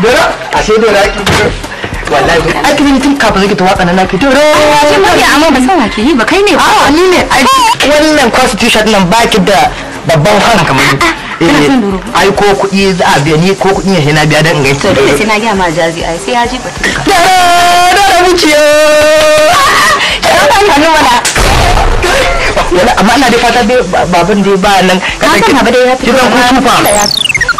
dora ashe dora ki wallahi ai kin tun kafa zaki ta waka na nafi dora ai ba ya amma ba san wake yi ba kai ne a ni ne wannan constitution nan baki da babban fan kamar ni eh, ai ko kuɗi za a biya ni ko kuɗi ne na biya dan gaita dole sai na ga ma jazi ai sai ya ji ba dora muciyo amma ina da fata dai baban dai ba nan ka san ba dai ya fi